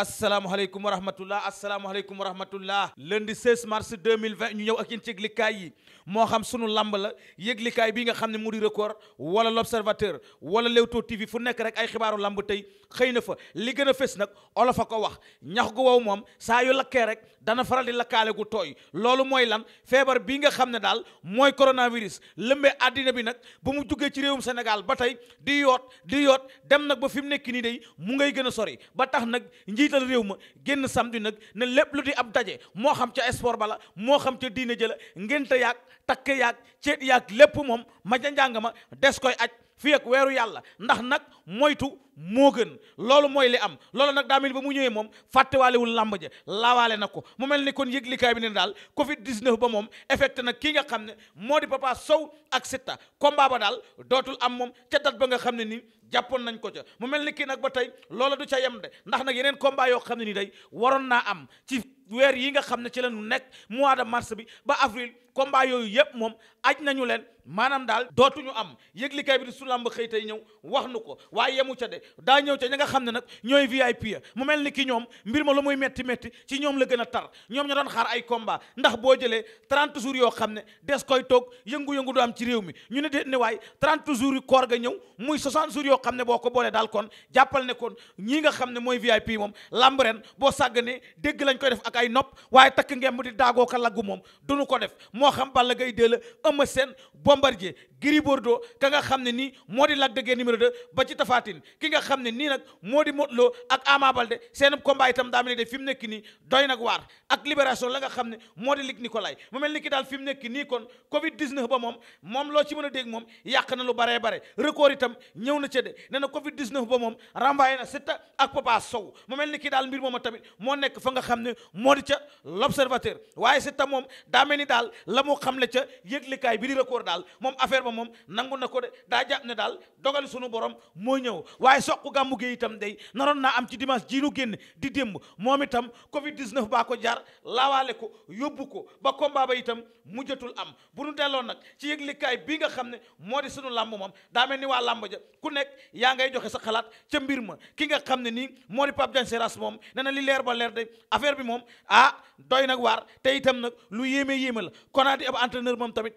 asalaamaaleykum wa rahmatullah asalaamaaleykum wa rahmatullah lundi 16 mars 2020 ñu ñëw ak yéen ci yëglikaay yi moo xam sunu lamb la yëglikaay bi nga xam ne mu di record wala l'observateur wala Leewtoo TV fu nekk rek ay xibaaru lamb tey xëy na fa li gën a fës nag olof a ko wax ñax gu wow moom saa yu lakkee rek dana faral di lakkaale gu tooy loolu mooy lan feebar bii nga xam ne daal mooy coronavirus lëmbee àddina bi nag ba mu duggee ci réewum senegal ba tey di yoot di yoot dem nag ba fi mu nekk nii day mu ngay gën a sori ba tax nag njiital réew ma génn samedi nag ne lépp lu di ab daje moo xam ca ba la moo xam ca diine jëla ngénte yaag takk yaag ceet yaag lépp moom ma ja njàng ma des koy aj fii ak weeru yàlla ndax nag moytu moo gën loolu mooy li am loolu nag daa mel ba mu ñëwee moom fàttewaalewul làmb ja laawaale na ko mu mel ni kon yëglikaay bi na daal Covid 19 ba moom affecté nag kii nga xam ne moo di Papa Sow ak Siteu combat ba daal dootul am moom ca dat ba nga xam ne nii jàppoon nañ ko ca mu mel ni kii nag ba tey loola du ca yem de ndax nag yeneen combat yoo xam ne nii day waroon naa am ci weer yi nga xam ne ci leen lañu nekk mois de mars bi ba avril combat yooyu yëpp moom aj nañu leen maanaam daal dootuñu am yëglikaay bi di su làmb xëy tey ñëw wax nu ko waaye yemu ca de daa ñëw ca ña nga xam ne nag ñooy VIP ya mu mel ni ki ñoom mbir ma lu muy metti metti ci ñoom la gën a tar ñoom ña doon xaar ay combat ndax boo jëlee 30 jours yoo xam ne des koy toog yëngu-yëngu du am ci réew mi ñu ne déet ne waay 30 jours yu koor ga ñëw muy 60 jours yoo xam ne boo ko boolee daal kon jàppal ne koon ñii nga xam ne mooy VIP moom làmb ren boo sàgganee dégg lañ koy def ak ay nopp waaye takk ngemb di daagoo ko laggu moom duñu ko def moo xam Balla Gaye 2 la seen bombar Bombardier Gris Bordeaux ka nga xam ne nii moo di Lac de Guiers numéro ba ci Tapha ki nga xam ne nii nag moo di Modou Lo ak Ama Baldé seen combat itam daa ni de fi mu nekk nii doy nag waar ak libération la nga xam ne moo di Luc Nicolaï mu mel ni ki daal fi mu nekk nii kon Covid 19 ba moom moom loo ci mën a dégg moom yàq na lu baree bare record itam ñëw na ca de nee na Covid ba moom renvoyé na Siteu ak Papa Sow mu mel ni ki daal mbir moom moo nekk fa nga xam ne moo di ca l'observateur waaye Siteu moom daa ni daal la moo xamle ca yëglekaay bi di record daal moom affaire ko moom nangu na ko de daa jàpp ne daal dogal sunu borom moo ñëw waaye soq gàmmu gi itam day naroon naa am ci dimanche jii nu génn di démb moom itam Covid 19 baa ko jaar laawaale ko yóbbu ko ba combat ba itam mujjatul am bu nu delloo nag ci yëglikaay bii nga xam ne moo di sunu làmb moom daa mel ni waa làmb ja ku nekk yaa ngay joxe sa xalaat ca mbir ma ki nga xam ne nii moo di Pape Diagne moom nee na li leer ba leer de affaire bi moom ah doy nag waar te itam lu yéeme a di ab entraîneur moom tamit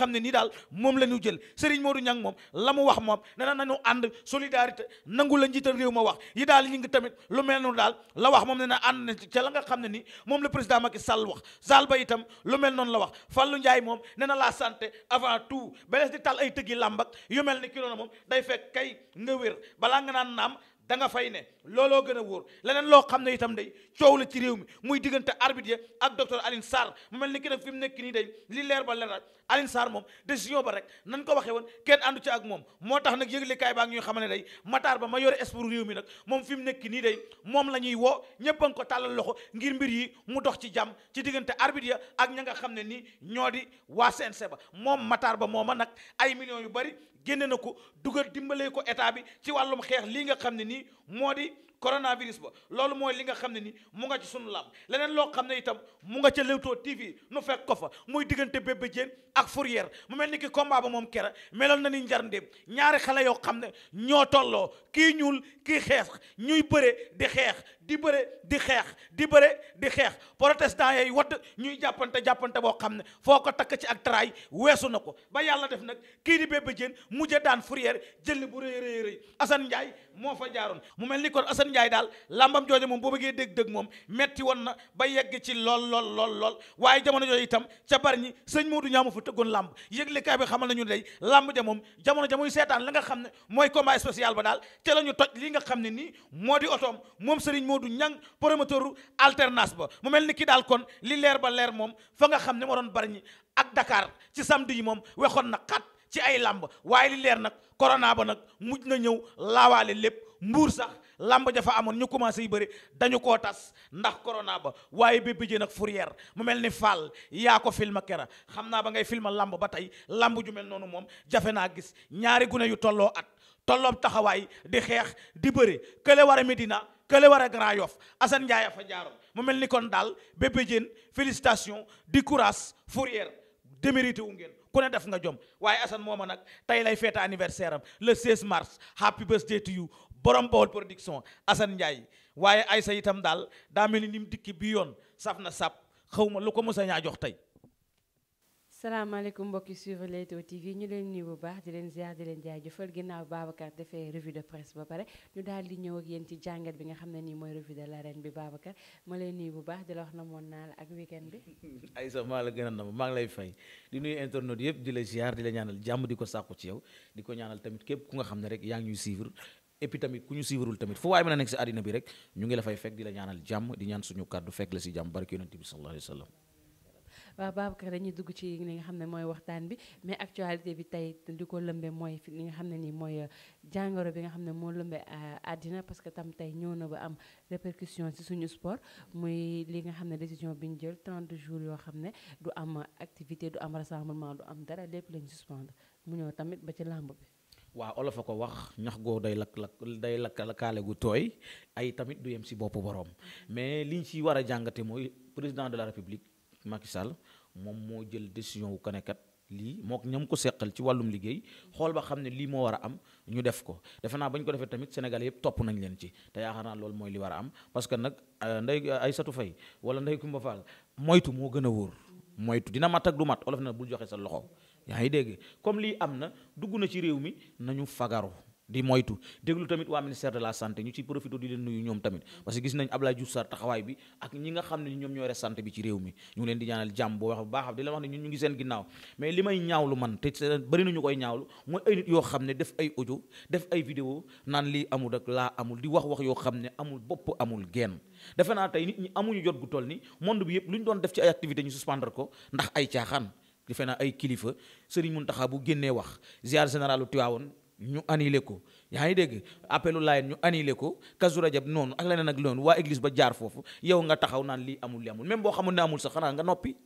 xam ne nii daal moom la ñu jël Serigne Modou Niang moom la mu wax moom na nu ànd solidarité nangu la njiital réew ma wax yi daal ñi ngi tamit lu mel noonu daal la wax moom ne na ànd na ca la nga xam ne nii moom la président Macky Sall wax Sall ba itam lu mel noon la wax lu Ndiaye moom ne na la santé avant tout belees di tal ay tëggi làmbak yu mel ni ki noonu moom day fekk kay nga wér balaa nga naan naam danga fay ne looloo gën a wóor leneen loo xam ne itam day coow la ci réew mi muy diggante arbitre ak docteur Alioune Sarr mu mel ni ki nag fi mu nekk nii day li leer ba leer Alioune Sarr moom décision ba rek nan ko waxee woon kenn àndu ci ak moom moo tax nag yëglekaay baa ngi ñuy ne day Matar Ba ma yore espoir réew nag moom fi mu nii day moom la woo ñëpp a ngi ko tàllal loxo ngir mbir yi mu dox ci jàmm ci diggante arbitre ak ña nga xam ne nii ñoo di waa CNG ba moom Matar Ba mooma nag ay millions yu bari génne na ko dugal dimbalee ko état bi ci wàllum xeex lii nga xam ne nii moo di coronavirus ba loolu mooy li nga xam ne ni mu nga ci sunu làmb leneen loo xam ne itam mu nga ca Leewtoo TV nu fekk ko fa muy diggante Bébé jén ak Fourrière mu mel ni ki combat ba moom kera meloon na ni njar ndéem ñaari xale yoo xam ne ñoo tolloo kii ñuul kii xeex ñuy bëre di xeex di bëre di xeex di bëre di xeex protestant yay wadd ñuy jàppante jàppante boo xam ne foo ko takk ci ak taraay weesu na ko ba yàlla def nag kii di Bébé Diène mujj daan Fourrière bu rëy rëy Ndiaye moo fa jaaroon mu mel ni kon Assane Ndiaye daal làmbam jooje moom boo bëggee dégg dëgg moom metti woon na ba yegg ci lool lool lool lool waaye jamono jooju itam ca bar ñi sëñ Modou ñaamu fa tëggoon làmb yëglekaay bi xamal nañu day làmb ja moom jamono ja muy seetaan la nga xam ne mooy combat spécial ba daal ca la ñu toj li nga xam ne nii moo di otoom moom sëriñ Modou ñang promoteur alternance ba mu mel ni kii daal kon li leer ba leer moom fa nga xam ne moo doon bar ñi ak Dakar ci samedi yi moom waxoon na ci ay làmb waaye li leer nag corona ba nag mujj na ñëw laawaale lépp mbuur sax làmb jafa amoon ñu commencé yi bëri dañu koo tas ndax corona ba waaye Bébé Diène ak Fourrière mu mel ni Fall yaa ko filma kera xam naa ba ngay filma làmb ba tey làmb ju mel noonu moom jafe naa gis ñaari gune yu tolloo at tolloob taxawaay di xeex di bëri kële war a Medina kële war a Grand Yoff Assane Ndiaye a fa jaaroon mu mel ni kon daal Bébé Diène félicitation di courage Fourrière démérité wu ngeen ku ne def nga jom waaye moom mooma nag tey lay feeta anniversaire am le 16 mars happy birthday to you borom Baol production Assane Ndiaye waaye Aïssa itam daal daa mel ni ni mu dikki bi yoon saf na sap xaw ma lu ko mos a ñaa jox tey salaamaaleykum mbokki suivre Leewtoo TV ñu leen nuyu bu baax di leen ziar di leen jaajëfal ginnaaw Babacar defee revue de presse ba pare ñu daal di ñëw ak yéen ci jàngat bi nga xam ne nii mooy revue de l'arène bi Babacar ma leen nuyu bu baax di la wax na moon naa la ak weekend bi ay sax maa la gën a nam maa lay fay di nuyu internautes yëpp di la ziar di la ñaanal jàmm di ko sàkku ci yow di ko ñaanal tamit képp ku nga xam ne rek yaa ngi ñuy suivre et puis tamit ku ñu suivrul tamit fu waaye mën a nekk bi rek ñu ngi la fay fekk jàmm di ñaan suñu kàddu fekk si jàmm barke yonent bi sallallahu alayhi waaw Babacar dañuy dugg ci li nga xam ne mooy waxtaan bi mais actualité bi tey di ko lëmbee mooy li nga xam ne nii mooy euh, jàngoro bi nga xam ne moo lëmbee euh, àddina parce que tam tey ñëw na ba am répercussion ci suñu sport muy li nga xam ne décision bi ñu jël 30 jours yoo xam ne du am activité du am rassemblement du am dara lépp lañ suspendre mu ñëw tamit ba ci làmb bi waaw olof a ko wax ñax goo day lakk lakk day lakk gu tooy ay tamit du yem si boppu boroom mm-hmm. mais liñ ci war a jàngate mooy président de la république Macky Sall moom moo jël décision wu kanekat lii moo ñam ko seqal ci wàllum liggéey xool ba xam ne lii moo war a am ñu def ko defe naa bañ ko defee tamit Sénégal yëpp topp nañ leen ci te yaakaar naa loolu mooy li war a am parce que nag ay euh, Aïssatou Faye wala nday Kumba Fall moytu moo gën a wóor moytu dina mat ak du mat olof na bul joxe sa loxo yaa ngi dégg comme lii am na dugg na ci réew mi nañu fagaru di moytu déglu tamit waa ministère de la santé ñu ci profité di leen nuyu ñoom tamit parce que gis nañ Abdoulaye Diouf Sarr taxawaay bi ak ñi nga xam ne ñoom ñoo yore santé bi ci réew mi ñu leen di ñaanal jàmm boo wax bu baax di leen wax ne ñu ngi seen ginnaaw mais li may ñaawlu man te bëri nañu koy ñaawlu mooy ay nit yoo xam ne def ay audio def ay vidéo naan lii amul ak laa amul di wax wax yoo xam ne amul bopp amul genn defe naa tey nit ñi amuñu jot gu toll ni monde bi yëpp lu ñu doon def ci ay activité ñu ko ndax ay caaxaan defe naa ay kilifa Serigne Mountakha bu génnee wax ziar généralu Tivaouane ñu annulé ko yaa ngi dégg appelu laayeen ñu annulé ko kazu rajab noonu ak leneen ak loonu waa église ba jaar foofu yow nga taxaw naan lii amul lii amul même boo xamul ne amul sax xanaa nga noppi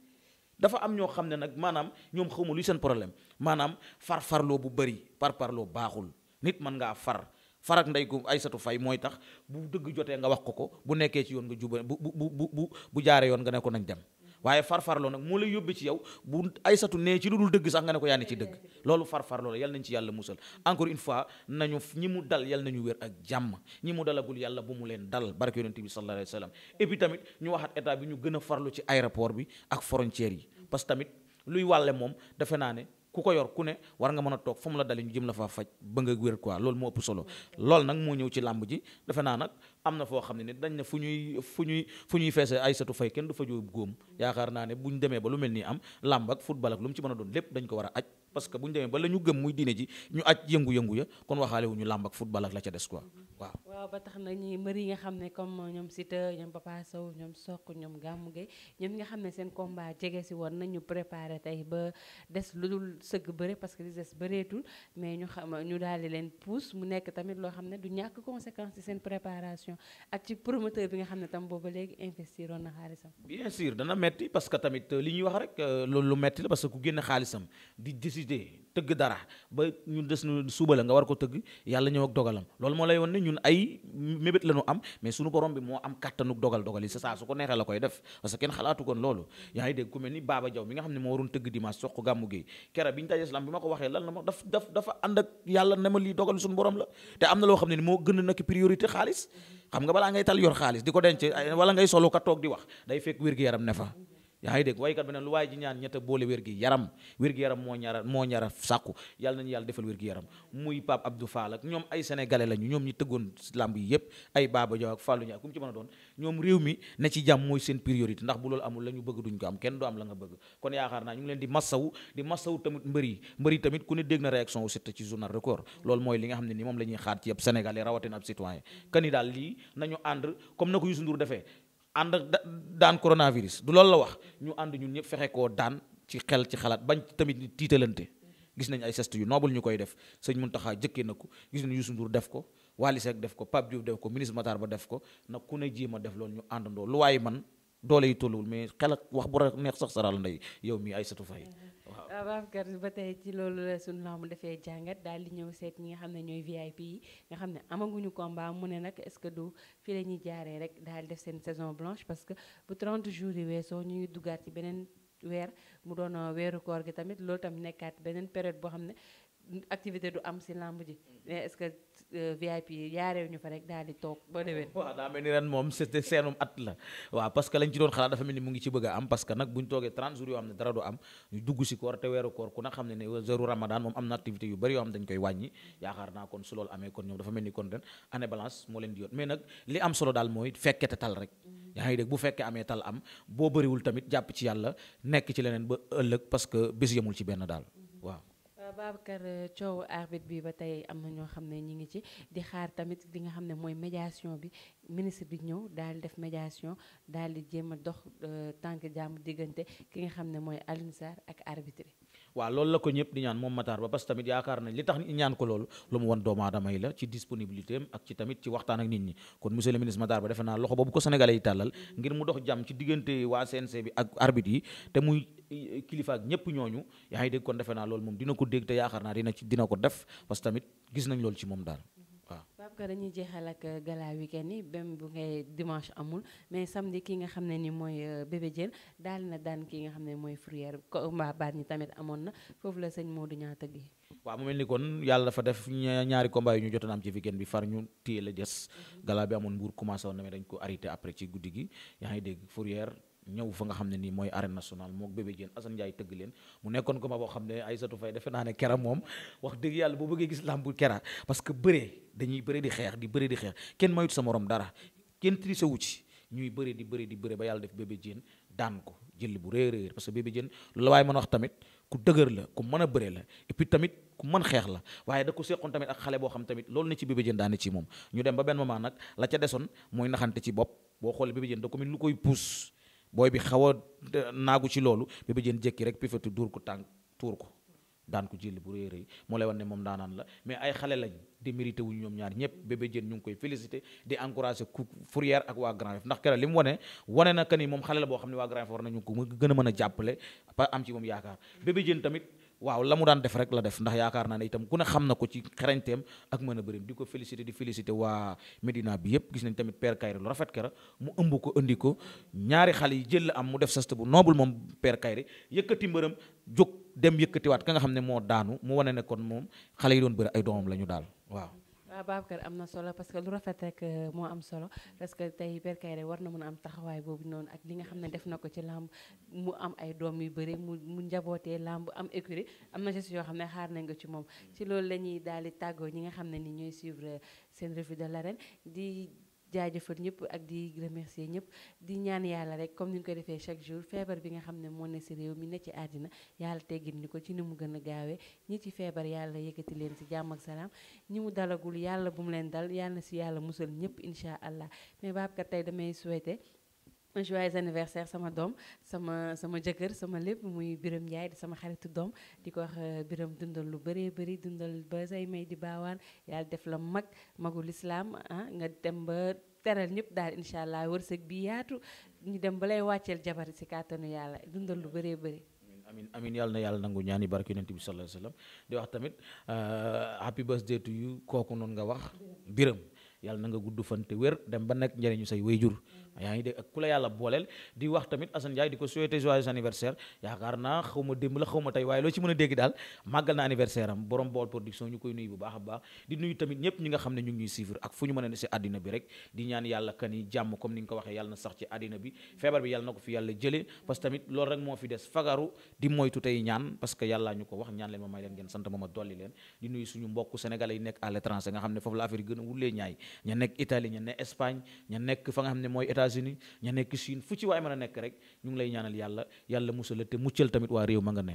dafa am ñoo xam ne nag maanaam ñoom xawma luy seen problème maanaam far-farloo bu bëri par-parloo baaxul nit mën ngaa far far ak ndey ko ay Aysatu Fay mooy tax bu dëgg jotee nga wax ko ko bu nekkee ci yoon nga juba bu bu bu bu jaaree yoon nga ne ko nañ dem waaye farfarloo nag moo lay yóbbee ci yow bu aysatu nee ci lu dul dëgg sax nga ne ko yaa ci dëgg loolu farfarloo la yal nañ ci yàlla musal encore une fois nañu ñi mu dal yal nañu wér ak jàmm ñi mu dalagul yàlla bu mu leen dal barke yonente bi sallallahu alayhi wa sallam et puis tamit ñu waxaat état bi ñu gën a farlu ci aéroport bi ak frontières yi parce que tamit luy wàlle moom defe naa ne ku ko yor ku ne war nga mën a toog fa mu la dali ñu jëm la faa faj ba nga loolu moo solo loolu nag moo ñëw ci làmb ji defe naa nag am na foo xam ne nit dañ ne fu ñuy fu ñuy fu ñuy feese Aysatu Fay kenn du fa jóob góom yaakaar naa ne buñ demee ba lu mel nii am làmb ak football ak lu mu ci mën a doon lépp dañ ko war a aj parce que buñ demee ba la ñu gëm muy diine ji ñu aj yëngu-yëngu ya kon waxaale wu ñu làmb ak football ak la ca des quoi waaw waaw ba tax na ñi mbër yi nga xam ne comme ñoom Siteu ñoom Papa Sow ñoom Sokh ñoom Gamou Gueye ñoom ñi nga xam ne seen combat jege si woon nañu préparé tey ba des lu dul sëgg bëre parce que li des mais ñu xam ñu daal di leen pousse mu nekk tamit loo xam ne du ñàkk conséquence ci seen préparation ak ci promoteur bi nga xam ne tam booba léegi investiroon na xaalisam. bien sûr dana metti parce que tamit euh, li ñuy wax rek euh, loolu lu metti la parce que ku génn xaalisam di décider tëgg dara ba ñun des na suba la nga war ko tëgg yàlla ñëw ak dogalam loolu moo lay won ne ñun ay mébét la ñu am mais suñu borom bi moo am kattanuk dogal dogal yi c'est ça su ko neexee la koy def parce que kenn xalaatu koon loolu yaa ngi dégg ku mel ni Baba Diaw mi nga xam ne moo waroon tëgg dimanche soq gàmmu gi kera bi ñu tajee islam bi ma ko waxee lan la ma daf daf dafa ànd ak yàlla ne ma lii dogal suñu borom la te am na loo xam ne ni moo gën nak priorité xaalis xam nga balaa ngay tal yor xaalis di ko denc wala ngay solo ka toog di wax day fekk wér-gu-yaram ne fa yaa ngi dégg waykat bi ne lu waaye ji ñaan ñett boole wér gi yaram wér gi yaram moo ñara moo ñara sàkku yàlla nañu yàlla defal wér gi yaram muy Pape Abdou Fall ak ñoom ay sénégalais lañu ñoom ñi tëggoon lamb yi yépp ay Baba Diaw ak Fallou ku mu ci mën a doon ñoom réew mi ne ci jàmm mooy seen priorité ndax bu loolu amul la bëgg duñ ko am kenn du am la nga bëgg kon yaakaar naa ñu ngi leen di massawu di massawu tamit mbër yi tamit ku ne dégg na réaction aussi mooy li nga xam ne ni moom la ñuy xaar comme na defee ànd ak daan coronavirus du loolu la wax ñu ànd ñun ñëpp fexe koo daan ci xel ci xalaat bañ tamit tiitalante gis nañ ay geste yu noble ñu koy def sëñ Mountakha jëkkee na ko gis nañ Youssou Ndour def ko Wally Seck def ko Pape Diouf def ko ministre Matar Ba def ko nag ku ne jéem a def loolu ñu àndandoo lu waaye man doole yi tolluwul mais xel ak wax bu rek neex sax saral ndey yow mi Aïssatou Faye waaw ah, Babacar ba tey ci loolu la suñu lamb jàngat daal di ñëw seet ñi nga xam ne ñooy VIP yi nga xam ne amaguñu combat mu ne nag est-ce que du fi la ñuy jaaree rek daal def seen saison blanche parce que bu trente jours yi weesoo ñu duggaat ci beneen weer mu doon weeru koor gi tamit loolu tam nekkaat beneen période boo xam ne activité du am si làmb ji mais est-ce que euh, VIP yaareew ñu fa rek daal di toog ba déwén waaw daa mel ni ren moom c'était seenum at la waaw parce que ci doon xalaat dafa mel ni mu ngi ci bëgg a am parce que nag bu ñu toogee 30 jours yoo xam ne dara du am ñu dugg si koor te weeru koor ku na xam ne ne zeru ramadan moom am na activité yu bëri yoo xam dañ koy wàññi yaakaar naa kon su amee kon ñoom dafa mel ni kon ren année balance moo leen di yoot mais nag li am solo daal mooy fekkee tal leneen ba ëllëg parce que bés yemul ci benn daal waaw Babacar euh, coow arbitre bi ba tey am na ñoo xam ne ñi ngi ci di xaar tamit li nga xam ne mooy médiation bi ministre bi ñëw daal di def médiation daal di jéem a dox euh, tànk jàmm diggante ki nga xam ne mooy Alioune Sarr ak arbitre waaw loolu la ko ñëpp di ñaan moom Matar Ba parce que tamit yaakaar nañ li tax ñaan ko loolu lu mu wan doomu la ci disponibilité am ak ci tamit ci waxtaan ak nit ñi kon monsieur le ministre Matar Ba defe naa loxo boobu ko sénégalais yi tàllal ngir mu dox jàmm ci diggante waa CNC bi ak arbitre yi te muy eh, kilifa ak ñëpp ñooñu yaa ngi dégg kon defe naa loolu moom dina ko dégg te yaakaar naa dina ci dina ko def parce que tamit gis nañ lool ci moom daal Pape dañuy jeexal ak euh, gala weekend yi même bu ngay dimanche amul mais samedi ki nga xam ne ni mooy euh, bébé jël daal na daan ki nga xam ne mooy fourrière ko euh, mbaa baat ñi tamit amoon na foofu la sëñ Modou ñaa tëgg yi waa mu mel ni kon yàlla dafa def ñaari combat yu ñu jotoon am ci weekend bi far ñu téye la des mhm. gala bi amoon mbuur commencé woon na mais dañ ko arrêté après ci guddi gi yaa ngi dégg fourrière ñëw fa nga xam ne nii mooy arène nationale mook bébé jeen Assane tëgg leen mu nekkoon ko ma boo xam ne Aïssatou Faye defe naa ne kera moom wax dëgg yàlla boo bëggee gis làmbu kera parce que bëree dañuy bëree di xeex di bëree di xeex kenn mayut sa morom dara kenn triché wu ci ñuy bëree di bëree di bëree ba yàlla def bébé jeen daan ko jël bu réer réer parce que bébé jeen waaye mën a wax tamit ku dëgër la ku man a bëre la et tamit ku mën xeex da ko seqoon tamit xam tamit loolu na ci la ca desoon mooy booy bi xaw a naagu ci loolu Bébé Diène rek pifatu duur ko tànk tuur ko daan ko jël bu rëy rëy moo lay wan ne moom daanaan la mais ay xale lañ démérité wuñu ñoom ñaar ñëpp Bébé Diène ñu ngi koy félicité di encouragé ku Fourrière ak waa Grand Yoff ndax keroog li mu wane wane na que ni moom xale la boo xam ne waa Grand Yoff war nañu ko gën a mën a jàppale am ci moom yaakaar Bébé tamit waaw la mu daan def rek la def ndax yaakaar naa ne itam ku ne xam na ko ci xarañteem ak mën a bërim di ko félicité di félicité waa Médina bi yëpp gis nañ tamit Père Kayre lu rafet kera mu ëmb ko indi ko ñaari xale yi jël la am mu def sast bu noobul moom per Kayre yëkkati mbërëm jóg dem yëkkatiwaat ka nga xam ne moo daanu mu wane ne kon moom xale yi doon bëri ay doomam la ñu daal waaw waaw ah, Babacar am na solo parce que lu rafet rek euh, moo am solo parce tey Berkay rek war na mën a am taxawaay boobu noonu ak li nga xam ne def na ko ci làmb mu am ay doom yu bëri mu mu njabootee làmb am écurie am na gestes yoo xam ne xaar nañ ko ci moom ci loolu la ñuy daal di tàggoo ñi nga xam ne ni ñooy suivre euh, seen revue de l'arène di jaajëfal ñëpp ak di remercier ñëpp di ñaan yàlla rek comme ni ñu ko defee chaque jour feebar bi nga xam ne moo ne si réew mi ne ci àddina yàlla teggin ni ko ci ni mu gën a gaawee ñi ci feebar yàlla yëkkati leen si jàmm ak salaam ñi mu dalagul yàlla bu mu leen dal yàlla si yàlla musal ñëpp incha allah mais Babacar tey damay souhaiter joyeux anniversaire sama doom sama sama jëkkër sama lépp muy biram Ndiaye di sama xaritu doom di ko wax euh, biram dundal lu bëree bëri dundal ba say may di baawaan yàlla def la mag magu lislaam ah nga dem ba teral ñëpp daal incha allah wërsëg bi yaatu ñu dem ba lay wàcceel jabar si kàttanu yàlla dundal lu bëree bëri amin amin yàlla na yàlla nangu ñaani barke yonent bi sallallahu alayhi wasallam di wax tamit euh, happy birthday to yu kooku noonu nga wax Birame yàlla na nga gudd fan wér dem ba nekk njëriñu say wayjur yaa ngi dégg ak ku la yàlla booleel di wax tamit Assane Ndiaye di ko souhaiter joyeux anniversaire yaakaar naa xaw démb la xaw ma waaye loo ci mën a dégg daal màggal na anniversaire am borom bool production ñu koy nuyu bu baax a baax di nuyu tamit ñëpp ñi nga xam ne ñu ngi ñuy ak fu ñu mën a ne àddina bi rek di ñaan yàlla kan yi jàmm comme ni nga ko waxee yàlla na sax ci àddina bi feebar bi yàlla na ko fi yàlla jëlee parce tamit loolu rek moo États-Unis ña nekk Chine fu ci waay mën a nekk rek ñu ngi lay ñaanal yàlla yàlla musal la te muccal tamit waa réew ma nga ne